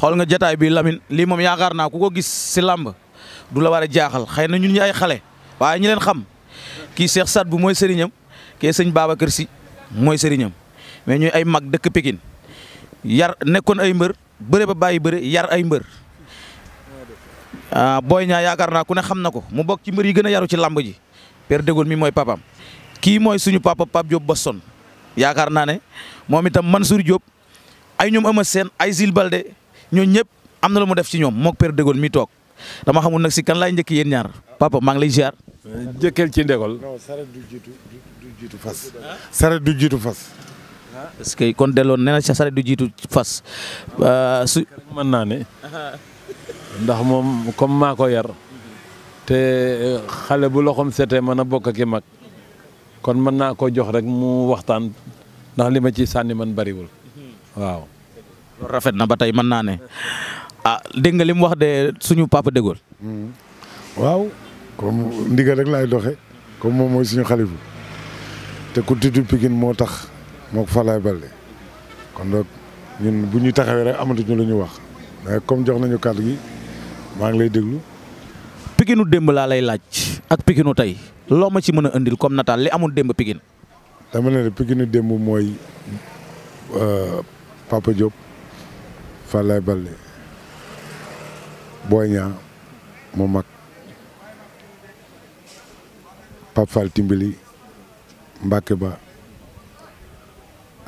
xool nga jataay bi Lamine lii moom yaakaar naa ku ko gis si làmb du la war a jaaxal xëy na ñun ñu ay xale waaye ñi xam kii Cheikh Saad bu mooy sëriñam kii sëñ Babacar Si mooy sëriñam mais ñuy ay mag dëkk Pikine yar nekkoon ay mbër bëre ba bàyyi bëre yar ay mbër ah Boy Niang yaakaar naa ku ne xam na ko mu bokk ci mbër yi gën a yaru ci làmb ji Père Dégol mi mooy papam kii mooy suñu papa Pape Diop Boston yaakaar naa ne moom itam Mansour Diop ay ñoom Ama Sène ay Zil Balde ñooñu ñëpp am na lu mu def ci ñoom moog père Dégol mi toog dama xamul nag si kan lay njëkk yéen ñaar papa maa ngi lay ziar. jëkkeel ci Dégol. non saret du jiitu fas. Ah. saret du jiitu fas. parce ah. kon delloo nee na saret du jiitu fas ah. euh, su. mën naa ne ndax moom comme maa ko yar te euh, xale bu loxoom setee mën a bokk ak mag kon mën naa ko jox rek mu waxtaan ndax li ma ci sànni man bariwul mhm. waaw. rafet na ba tey mën naa ne ah dégg nga li wax de suñu papa De Gaulle. waaw comme ndigal rek laay doxe comme moom mooy suñu xalifu te ku tudd Pikine moo tax moo ko Falaye Baldé kon donc bu ñuy taxawee rek amatuñu lu ñu wax mais comme jox nañu kàddu gi maa ngi lay déglu. Pikinu démb laa lay laaj ak Pikinu tey loo ma ci mën a indil comme nataal li amul démb Pikine. dama ne Pikinu démb mooy euh, Papa Diop. Falaye Balde booy Niang mu mag Pape Fall Timbili Mbacke Ba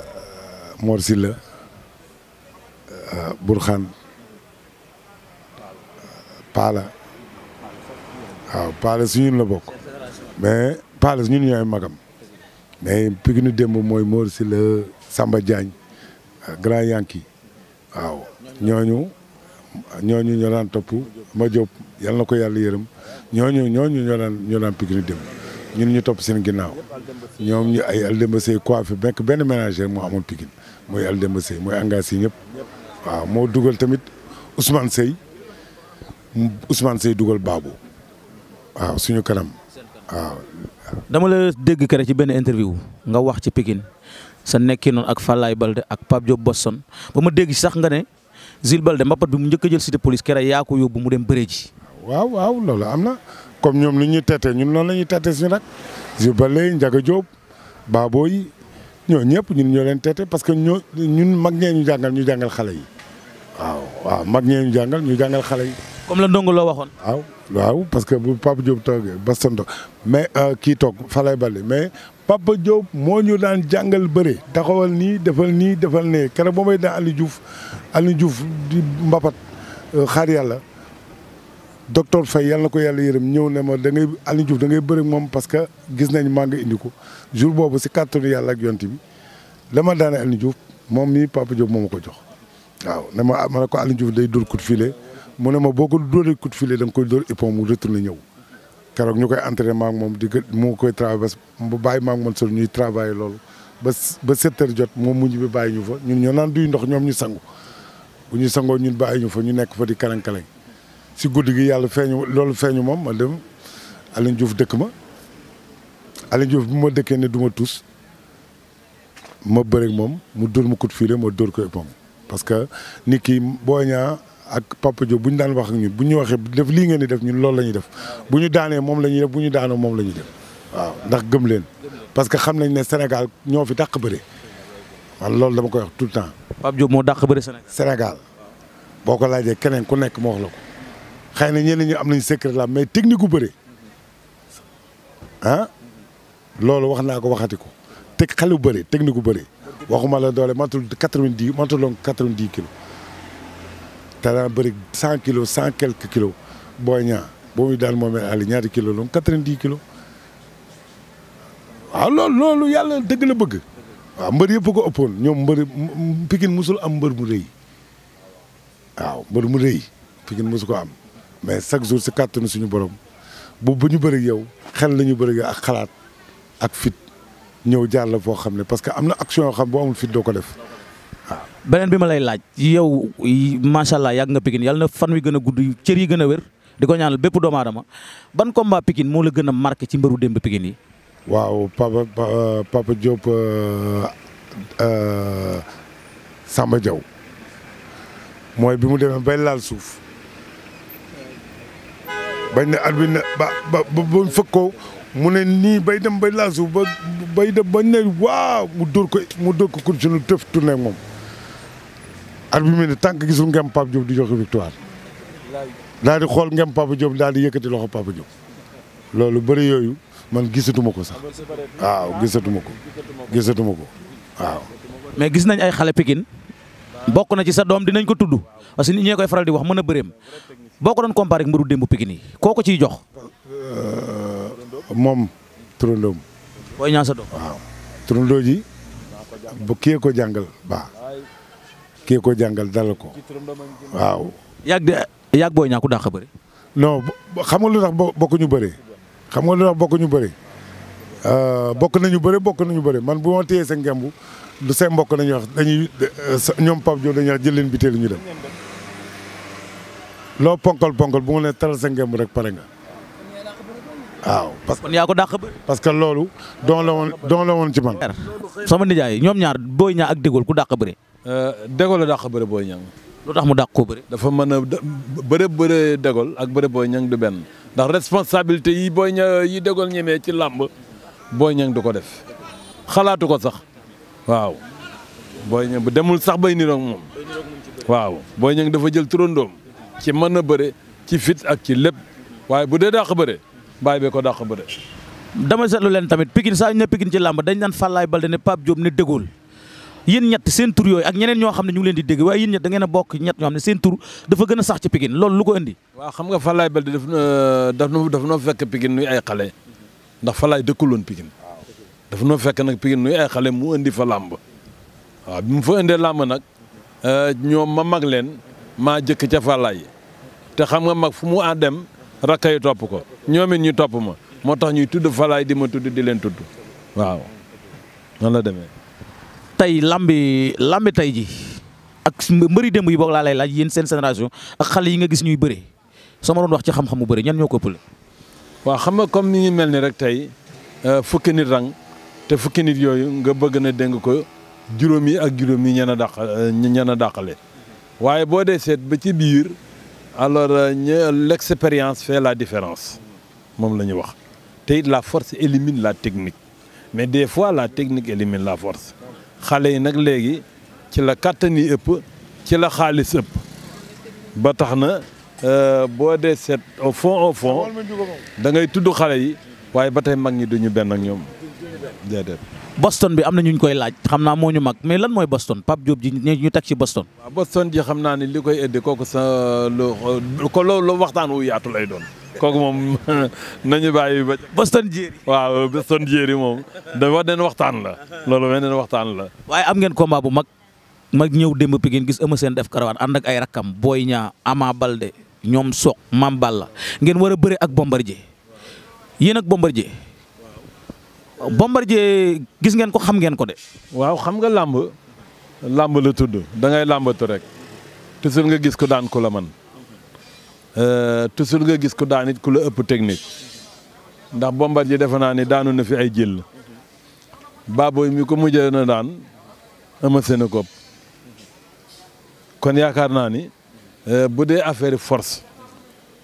euh, Mor Silla euh, Burxaan euh, Paala waaw Paala su ñun la bokk mais Paala su ñun ñooy magam mais Pikine démb mooy Mor Silla Samba Diagne Grand Yanki ñooñu ñooñu ñoo daan topp ma jóob yal na ko yàlla yërëm ñooñu ñooñu ñoo daan ñoo daan ñun ñu topp seen ginnaaw ñoom ñu ay Aldemba Seye coiffé nekk benn ménager moo amoon Pikine mooy Aldemba Seye mooy engagé yi ñëpp waaw moo dugal tamit Ousmane Seye Ousmane Seye dugal Babou waaw suñu kanam waaw. dama la dégg kere ci benn interview nga wax ci Pikine sa nekki noonu ak Falaye Balde ak Pape Diop Boston ba ma dégg sax nga ne. Jules Baldé mbapat bi mu njëkk a jël cité police kere yaa ko yóbbu mu dem bëree ji. waaw waaw loolu am na comme ñoom li ñuy tete ñun loolu la ñuy tete suñu rek Jules Baldé Ndiaga Diop Baboy ñoo ñëpp ñun ñoo leen tete parce que ñoo ñun mag ñee ñu jàngal ñu jàngal xale yi waaw waaw mag ñee ñu jàngal ñu jàngal xale yi. comme la ndongo loo waxoon. waaw waaw parce que bu Pape Diop toogee Boston toog mais euh, kii toog Falaye Baldé mais Papa Diop moo ñu daan jàngal bëre taxawal nii defal nii defal ne keroog ba may daan Aliou Diouf Aliou Diouf di mbapat euh, xaar yàlla docteur Faye yàlla ko yàlla yërëm ñëw ne ma da ngay Aliou Diouf da ngay bëri moom parce que gis nañ maa nga indi ko jour boobu si kàttanu yàlla ak yonti bi la ma daane Aliou Diouf moom mii Papa Diop moo ma ko jox waaw ne ma ah, ma ne ko Aliou Diouf day dóor coup de mu ne ma boo ko dóoree coup de filet da nga koy dóor épaule mu retourné ñëw. keroog ñu koy entraînement ak moom di mu koy traverse bu bàyyi maak man sori ñuy travailler loolu ba ba sept jot moom mu ñibbi bàyyi ñu fa ñun ñoo naan duy ndox ñoom ñu sangu bu ñu sangoo ñun bàyyi ñu fa ñu nekk fa di kalañ-kalañ si guddi gi yàlla feeñu loolu feeñu moom ma dem Alioune Diouf dëkk ma Alioune Diouf bi ma dëkkee ne du ma tus ma bëreeg moom mu dóor ma coup de filet ma dóor ko moom parce nit ki boo ñaa ak Papa Diop bu ñu daan wax ak ñun bu ñu waxee def lii ngeen di def ñun loolu la ñuy def bu ñu daanee moom la ñuy def bu ñu daanoo moom la ñuy def waaw ndax gëm leen parce que xam nañ ne Sénégal ñoo fi dàq bëre man loolu dama koy wax tout le temps. Pape Diop moo dàq bëri Sénégal. Sénégal boo ko laajee keneen ku nekk moo wax la ko xëy na ñenn ñu am nañ secret la mais technique gu bëri ah loolu wax naa ko waxati ko teg xale bu bëri technique gu bëri waxuma la doole matul quatre-vingt-dix matuloon quatre-vingt-dix kilos. talent bëri cent kilos cent quelques kilos booy ñaa boo muy daal moom Ali ñaari kilo loolu quatre-vingt-dix kilos waaw loolu loolu yàlla dëgg la bëgg waaw mbër yëpp ko ëppoon ñoom mbër Pikine musul am mbër mu rëy waaw mbër mu rëy Pikine musu ko am mais chaque jour si kàttanu suñu borom bu bu ñu bëri yow xel lañu ñu bëri ak xalaat ak fit ñëw jaar la foo xam ne parce que am na action yoo xam boo amul fit doo ko def beneen bi ma lay laaj yow macha allah yàgg nga pikin yàlla na fan wi gën a gudd cër yi gën a wér di ko ñaanal bépp doomu ban combat Pikine moo la gën a marqué ci mbëru démb waaw papa papa Diop euh, euh, Samba Diaw bi mu demee bay laal suuf bañ ne at ko mu ne nii bay dem bay suuf ba bay dem bañ ne waaw mu dóor ko mu dóor ko continué tëf tourné ak moom. at bi mu ne tànk gisul ngem Pape Diop di joxe victoire daal di xool ngem Pape Diop daal di yëkkati loxo Pape Diop loolu bari yooyu man gisatuma ko sax waaw gisatuma ko gisatuma ko waaw. mais gis nañ ay xale pikin bokk na ci sa doom dinañ ko tudd parce que nit ñee koy faral di wax mën a bëreem boo doon comparé ak mbiru démb Pikine yi koo ko ciy jox. Euh, moom turandoom. booy ñaan sa doom waaw turandoo ji ko jàngal kii ko jàngal dalal ko waaw. yàgg yàgg booy ñaa ku dàq bëri. non xam nga lu tax ñu bëri xam nga lu tax bokkuñu bëri euh, bokk nañu bëri bokk nañu bëri man bu ma téyee sa ngemb du seen mbokk nañu wax dañuy euh, ñoom Pape Diop dañuy wax jël leen bitéelu ñu dem loo ponkal ponkal bu mu ne taral sa rek pare nga waaw. parce que yaa ko dàq bëri. parce que loolu doon la woon doon la woon ci ñoom ñaar booy ñaa ak dégol ku dàq bëri. Euh, Dégol la dàq bëre booy Niang. lu tax mu dàq ko bëre. dafa mën a bëre bëre Dégol ak bëre Boy Niang du benn ndax responsabilité yi booy Niang yi Dégol ñemee ci làmb booy Niang du ko def xalaatu ko sax waaw booy Niang bu demul sax bay niroog moom waaw Boy Niang dafa jël turandoom ci mën a bëre ci fit ak ci lépp waaye bu dee dàq bëre bàyyi bee ko dàq bëre. dama seetlu leen tamit Pikine saa ñu ne Pikine ci làmb dañ naan Fallaye Balde ne Pape joom ne Dégol. yéen ñett seen tur yooyu ak ñeneen ñoo xam ne ñu ngi leen di dégg waaye yéen ñett da ngeen a bokk ñett ñoo xam ne seen tur dafa gën a sax ci Pikine loolu lu ko indi waaw xam nga Falaye Baldé daf daf nu daf noo fekk Pikine nuy ay xale ndax Falaye loon Pikine dafa noo fekk nag Pikine nuy ay xale mu indi fa làmb waaw bi mu fa indee làmb nag eh, ñoom ma mag leen maa jëkk ca Falaye te xam nga mag fu mu a dem rakk yi topp ko ñoom it ñu topp ma moo tax ñuy tudd Falaye di ma tudd di leen tudd waaw la demee tey lambi lambi tey ji ak mbëri démb yi boog laa lay laaj yéen seen génération ak xale yi nga gis ñuy bëri sama doon wax ci xam-xam bu bëri ñan ñoo ko ëppale. waa xam nga comme ni ñu mel ni rek tey euh, fukki nit rang te fukki nit yooyu nga bëgg na dénk ko juróom juróomi ak juróomi ñan a dàq euh, ñan a dàqale waaye boo dee seet ba ci biir alors euh, l'expérience fait la différence moom la ñu wax te it la force élimine la technique mais de fois la technique élimine la force. xale yi nag léegi ci la kàttan yi ëpp ci la xaalis ëpp ba tax na euh, boo dee seet au fond au fond da ngay tudd xale yi waaye ba tey mag ñi duñu benn ak ñoom déedéet. Boston bi am na ñu ñu koy laaj xam naa moo ñu mag mais lan mooy Boston Pape Diop ji ñu teg ci Boston. waaw Boston ji xam naa ne li koy indi kooku sa lu ko loolu waxtaan wu yaatu lay doon. kook moom nañu bàyyi ba. Boston Jerry. waaw Boston Jerry moom da wax neen waxtaan la loolu beneen waxtaan la. waaye am ngeen combat bu mag mag ñëw démb Pikine gis Eumeu seen def karawaan ànd ak ay rakkam Boy Niang Ama Baldé ñoom Sokh Mame la ngeen war a bëre ak Bombardier yéen ak Bombardier Bombardier gis ngeen ko xam ngeen ko de. waaw xam nga làmb làmb la tudd da ngay làmbatu rek toujours nga gis ko daan ko la man Euh, toujours nga gis ku daan nit ku la ëpp technique ndax Bombardier defe naa ni daanu na fi ay jël Baboy mi ko mujjee daan ama ko kopp kon yaakaar naa ni euh, bu dee affaire force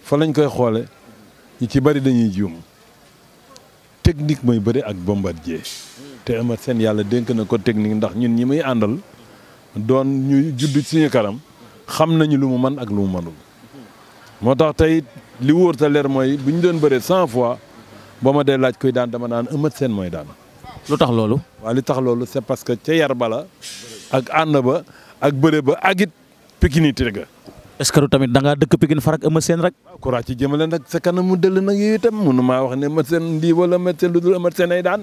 fa lañ koy xoole ñu ci bari dañuy juum technique mooy bari ak Bombardier te ama seen yàlla dénk na ko technique ndax ñun ñi muy àndal doon ñu judd suñu kanam xam nañu lu mu man ak lu mu manul moo tax tey li wóor ta leer mooy bu ñu doon bëree cent fois boo ma dee laaj kuy daan dama naan Eumeu seen mooy daan. lu tax loolu. waaw li tax loolu c'est parce que ca yar bala ak ànd ba ak bëre ba ak it pikinité ga est-ce que tamit da ngaa dëkk Pikine farak Eumeu Sène rek. waaw courage ci jëmale nag sa kanamu dëll nag yooyu itam mënu maa wax ne Eumeu Sène lii wala Eumeu Sène lu dul Eumeu Sène ay daan.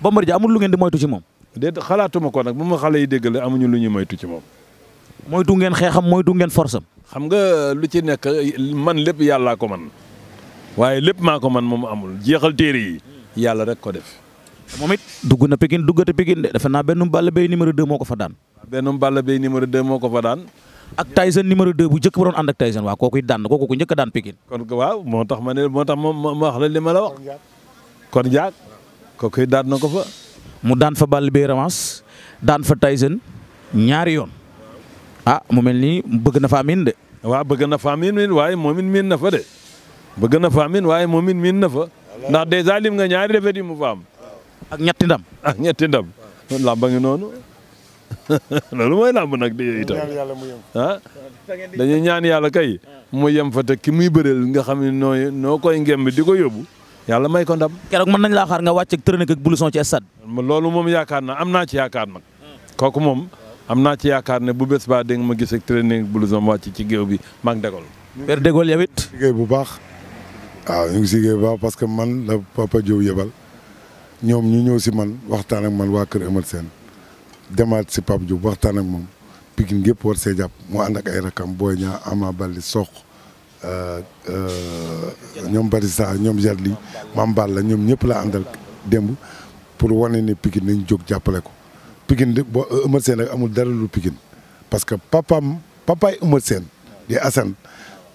Bombardier amul lu ngeen di moytu ci moom. déet xalaatuma ko nag bu ma yi dégg la amuñu lu ñuy moytu ci moom. moytu ngeen xeexam moytu ngeen force am. xam nga lu ci nekk man lépp yàllaa ko man waaye lépp maa ko man moom amul jeexal téere yi yàlla rek ko def. moom it dugg na Pikine duggate Pikine de defe naa Benoum Balla Beye numéro 2 moo ko fa daan. Benoum Balla Beye numéro 2 moo ko fa daan. ak Tyson numéro 2 bu njëkk ba doon ànd ak Tyson waaw kooku daan na kooku njëkk a daan Pikine. kon waaw moo tax ma ne moo tax ma ma wax la li ma kon jaag kooku daan na ko fa. mu daan fa Balla Beye revanche daan fa Tyson ñaari yoon. ah mu mel nii bëgg na faa miin de. waa bëgg na faa miin miin waaye moom it miin na fa de bëgg na faa miin waaye moom it miin na fa ndax dèjà lim nga ñaari defet yi mu fa am. ak ñetti ndam. ak ñetti ndam làmba ngi noonu loolu mooy làmb nag di itam ah dañuy ñaan yàlla kay mu yem fa te ki muy bëreel nga xam ne nooy noo koy ngemb di ko yóbbu yàlla may ko ndam. keroog mën nañ laa xaar nga wàcc ak tërëneeg ak blouson ci loolu moom yaakaar na am naa ci yaakaar nag am naa ci yaakaar ne bu bés baa dégg ma gis ak training blouson wàcc ci géew bi mag Dégol. Père Dégol yow bu baax waaw ah, ñu ngi si liggéey baax parce que man la Papa Diop yebal ñoom ñu ñëw si man waxtaan ak man waa Kër Eumeu seen demaat si Papa Diop waxtaan ak moom Pikine gépp war see jàpp mu ànd ak ay rakam booy ñaa amaa Baldé Sokh euh, euh, ñoom bari Batista ñoom Jadli Mame Balla ñoom ñëpp la àndal démb pour wane ni Pikine nañ jóg jàppale ko. Pikine di boo euh, Eumeu Sène amul dara lu Pikine parce que papam papaay Eumeu Sène di Assane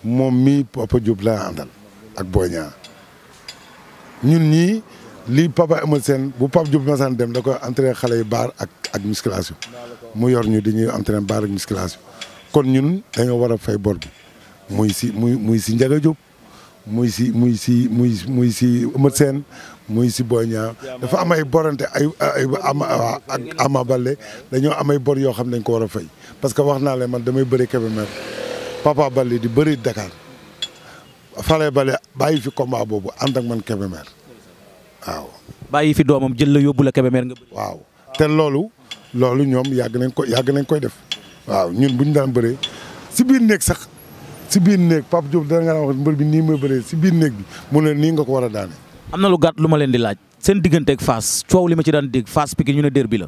moom mii Papa Diop laa àndal ak Boy ñun ñii lii papaay Eumeu Sène bu Papa Diop masaan dem da koy entraîné xale yu baar ak ak musculation mu yor ñu di ñuy entraîné baar ak musculation kon ñun dañoo war a fay bor bi muy si muy muy si Ndiaga Diop muy si muy si muy muy si Eumeu Sène muy si Boy dafa am ay borante ay ay ama ak Ama Baldé dañoo am ay bor yoo xam ne dañ ko war a fay parce que wax naa leen man damay bëri Kébémer Papa Baldé di bëri Dakar Falaye Baldé bàyyi fi combat boobu ànd ak man Kébémer waaw. bàyyi fi doomam jël la yóbbu la Kébémer nga. waaw te loolu loolu ñoom yàgg nañ ko yàgg nañ koy def waaw ñun bu ñu daan bëree si biir néeg sax. si biir néeg Pape Diop dana nga mbër bi nii mooy bëree si biir néeg bi mu ne nii nga ko war a daane. am na lu gàtt lu ma leen di laaj. seen digganteeg Fass coow li ma ci daan dégg Fass Pikine ñu ne la.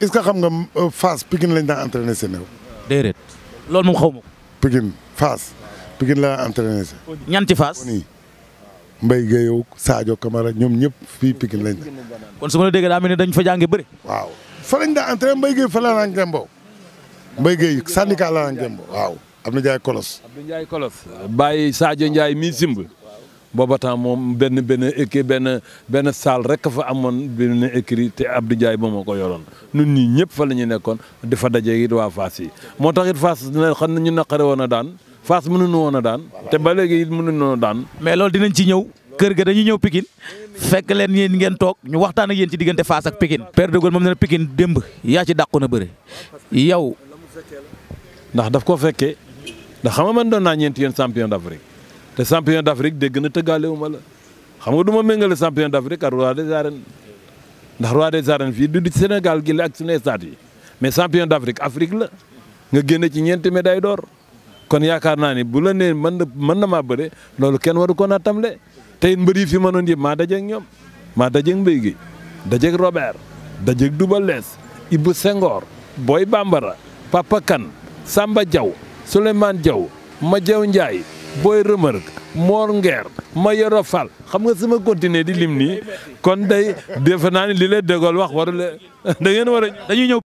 est-ce que xam nga euh, Fass Pikine lañ daan entraîné seen yow. déedéet loolu moom xaw ma ko. Pikine Fass Pikine laa entraîné seen. ñan ci Fass Mbaye Gueye Sadio Camara ñoom ñëpp fii Pikine lañ la. kon su ma la déggee daa mel ni dañ fa jàngee bëri. waaw fa lañ daan entraîné Mbaye Gueye fa laa daan gëmboo Mbaye Gueye syndicat laa daan gëmboo waaw. Abdou Ndiaye Kolos. Abdou Ndiaye Kolos bàyyi Sadio Ndiaye mii simb booba temps moom benn benn écrit benn benn salle rek fa amoon benn écrit te Abdou jaay moom moo ko yoroon nun ñii ñëpp fa la ñu nekkoon di fa daje it waa Fass yi moo tax it Fass dina xam na ñu naqare woon a daan Fass mënuñu woon a daan te ba léegi it mënuñu woon a daan. mais loolu dinañ ci ñëw kër ga dañuy ñëw Pikine fekk leen yéen ngeen toog ñu waxtaan a yéen ci diggante Fass ak Pikine. Père de Gaulle moom nee na démb yaa ci dàqu na bëre daf koo fekkee. ndax xam nga man doon naa ñeenti yoon champion d'Afrique te champion d'Afrique dégg na tëggaale wu ma la xam nga du ma méngale champion d'Afrique ak roi des arènes ndax roi des arènes fii du Sénégal gi la ak suñu stade yi mais champion d'Afrique Afrique la nga génne ci ñeenti médaille door kon yaakaar naa ni bu la nee mën na mën na maa bëre loolu kenn waru ko naatamle te it mbër yi fi mënoon yëpp maa dajeeg ñoom maa dajeeg mbéy gi dajeeg Robert dajeeg Double Less Ibou Senghor Boy Bambara Samba Diaw Souleymane Diaw Madiaw Ndiaye Boy Remarque Mor ma Mayoro fal xam nga sama continuer di lim nii kon day defe naa ni li lay dégool wax war la da ngeen war dañuy ñëw